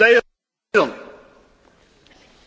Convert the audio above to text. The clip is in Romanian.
They